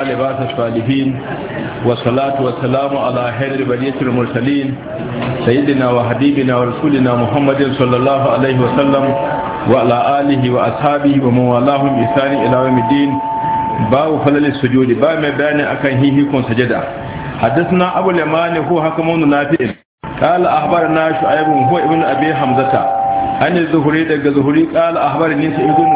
ولباس الصالحين والصلاة والسلام على خير بنية المرسلين سيدنا وحبيبنا ورسولنا محمد صلى الله عليه وسلم وعلى آله وأصحابه ومن والاهم إحسان إلى يوم الدين باب فلل السجود باب ما بيان أكن هيكم سجدة حدثنا أبو اليمان هو حكم نافع قال أخبرنا شعيب هو ابن أبي حمزة عن الزهري دغ زهري قال أخبرني سعيد بن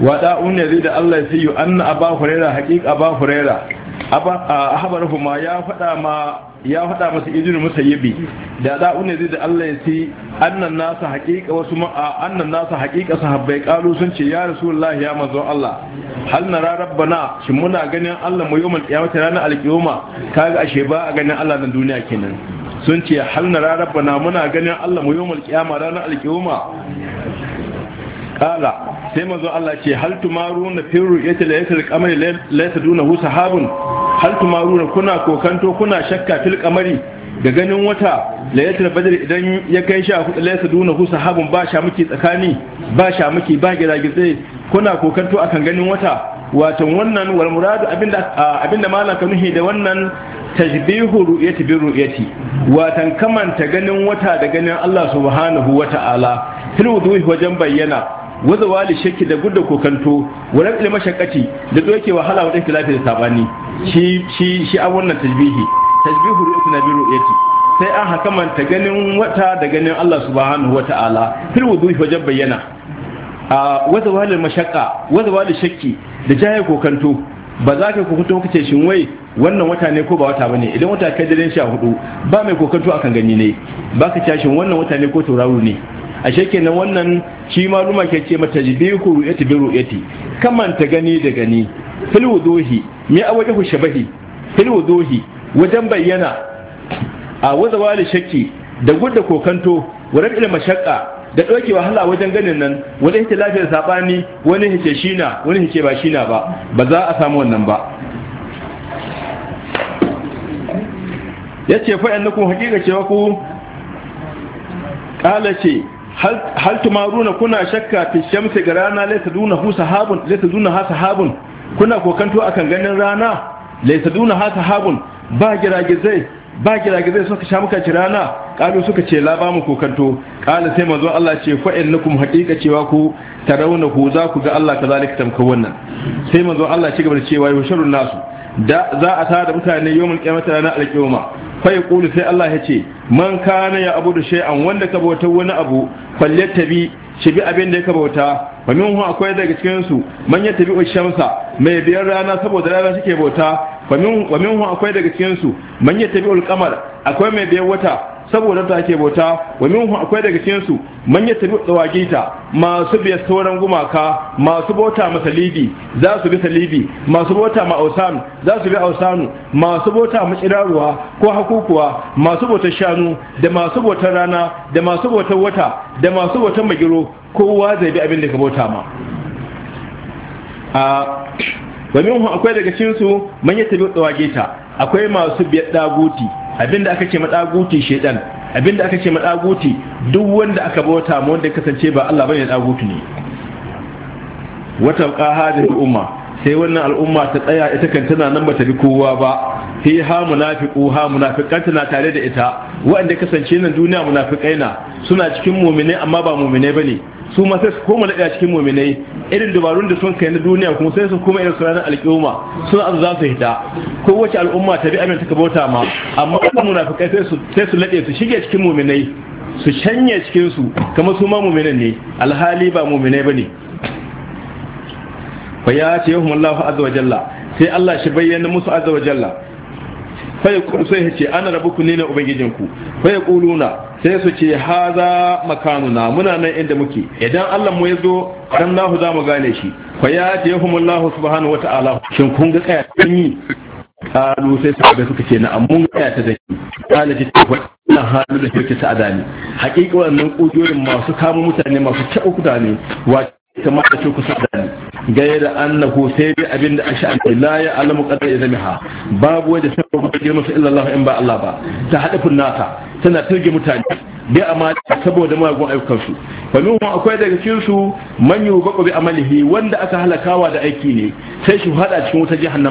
wada zai da Allah sai yu anna aba huraira haqiqa aba huraira aba ahbarahu ma ya fada ma ya fada masa idin musayyibi da da unne da Allah ya sai annan nasu haqiqa wasu ma annan nasu haqiqa sahabbai Kalu sun ce ya rasulullah ya manzo Allah hal nara rabbana shin muna ganin Allah mu yawmal qiyamah ranar alqiyama kaga ashe ba a ganin Allah nan duniya kenan sun ce hal nara rabbana muna ganin Allah mu yawmal qiyamah ranar alqiyama kala sai manzo Allah ce hal tumaruna fi ru'yati laylatil qamari laysa dunahu sahabun hal tumaruna kuna kokanto kuna shakka fil qamari ga ganin wata laylatul badr idan ya kai sha hudu laysa dunahu sahabun ba sha muke tsakani ba sha muke ba giragitse kuna kokanto akan ganin wata watan wannan wal muradu abinda abinda malaka nuhi da wannan tajbihu ru'yati bi ru'yati watan kamanta ganin wata da ganin Allah subhanahu wata'ala fil wuduhi wajen bayyana waza wali shakki da gudda kokanto wurin ilma shakkati da doke wahala wa dinki lafiya sabani shi shi shi an wannan tajbihi tajbihu ru'yatu bi ru'yati sai an hakamanta ganin wata da ganin Allah subhanahu wata'ala fil wudu wajen bayyana a waza wali mashakka waza wali shakki da jaye kokanto ba za ka kokanto ce shin wai wannan wata ne ko ba wata bane idan wata kai sha hudu, ba mai kokanto akan gani ne ba ka tashin wannan wata ne ko tauraro ne a kenan wannan shi duma ke ce mata jibiku ru'yati bi ru'yati kamanta gani da gani fil wuduhi mi awajhu shabahi fil wuduhi wajen bayyana a wazawali shakki da gudda kokanto wurin ilma shakka da ɗauke wahala wajen ganin nan wani yake lafiyar saɓani wani yake shina wani yake ba shina ba ba za a samu wannan ba Yace ce fa'in nukun hakika wa ku ƙala ce hal tumaruna kuna shakka fi shamsi ga rana laysa hu sahabun laysa ha sahabun kuna kokanto akan ganin rana laysa ha sahabun ba giragizai ba giragizai suka sha muka ci rana kalu suka ce la ba mu kokanto kala sai manzo Allah ce fa innakum haqiqa cewa ku tarawnahu za ku ga Allah kazalika tamka wannan sai manzo Allah ci gaba da cewa yusharun nasu da za a tada mutane yawmul qiyamati ranar alqiyama fa kulu sai Allah ya ce man kana ya abu da shay'an wanda ka bauta wani abu bi shi bi abin da ya bauta wa hu akwai daga cikin su man ya tabi shamsa mai biyar rana saboda rana shike bauta wa minhu akwai daga cikin su man ya tabi qamar akwai mai biyar wata saboda ta ake bauta wa minhu akwai daga cikin su man ya tabi masu biya sauran gumaka masu bauta ma salibi za su bi salibi masu bauta ma ausan za su bi ausanu masu bauta ma kiraruwa ko hakukuwa masu bauta shanu da masu bauta rana da masu bauta wata da masu bauta magiro kowa zai bi abin da ka bauta ma a wa minhu akwai daga cikin su man ya tabi akwai masu biyar daguti abinda aka ce matsaguti shedan abinda aka ce matsaguti duk wanda aka bauta mu wanda kasance ba Allah bane tsaguti ne wata da umma sai wannan al'umma ta tsaya ita kan tana nan bata bi kowa ba fi ha munafiqu ha munafiqan tana tare da ita wanda kasance nan duniya munafiqaina suna cikin mu'mine amma ba mu'mine bane su ma sai su koma da cikin muminai irin dubarun da sun kai na duniya kuma sai su koma irin su ranar al'umma suna azu za su hita ko wace al'umma ta bi amin ta kabauta ma amma kuma nuna fi kai sai su laɗe su shige cikin muminai su canye cikin su kamar su ma muminan ne alhali ba muminai ne? Ba ya ce yahum Allahu lafa azawajalla sai Allah shi bayyana musu azawajalla fa sai ya ce ana rabu ku ne na ubangijinku fa yaquluna sai su ce haza makanuna muna nan inda muke idan Allah mu yazo dan lahu za mu gane shi fa ya tayhumullahu subhanahu wataala shin kun ga kaya kun yi kalu sai sahabbai suka ce na mun kaya ta zaki kala ji ta wannan halu da take ta adani hakika wannan kujorin masu kama mutane masu taɓa mutane wato kamar da ce kusa da ni gaya da annahu sai bi abin da asha an la ya alamu ya zamiha babu wanda sai ba girma sa illallah in ba Allah ba ta hada kunnata tana turge mutane bi amali saboda magun ayyukan su famin akwai daga cikin su manyu yubaku amalihi wanda aka halakawa da aiki ne sai shi hada cikin wata jahannama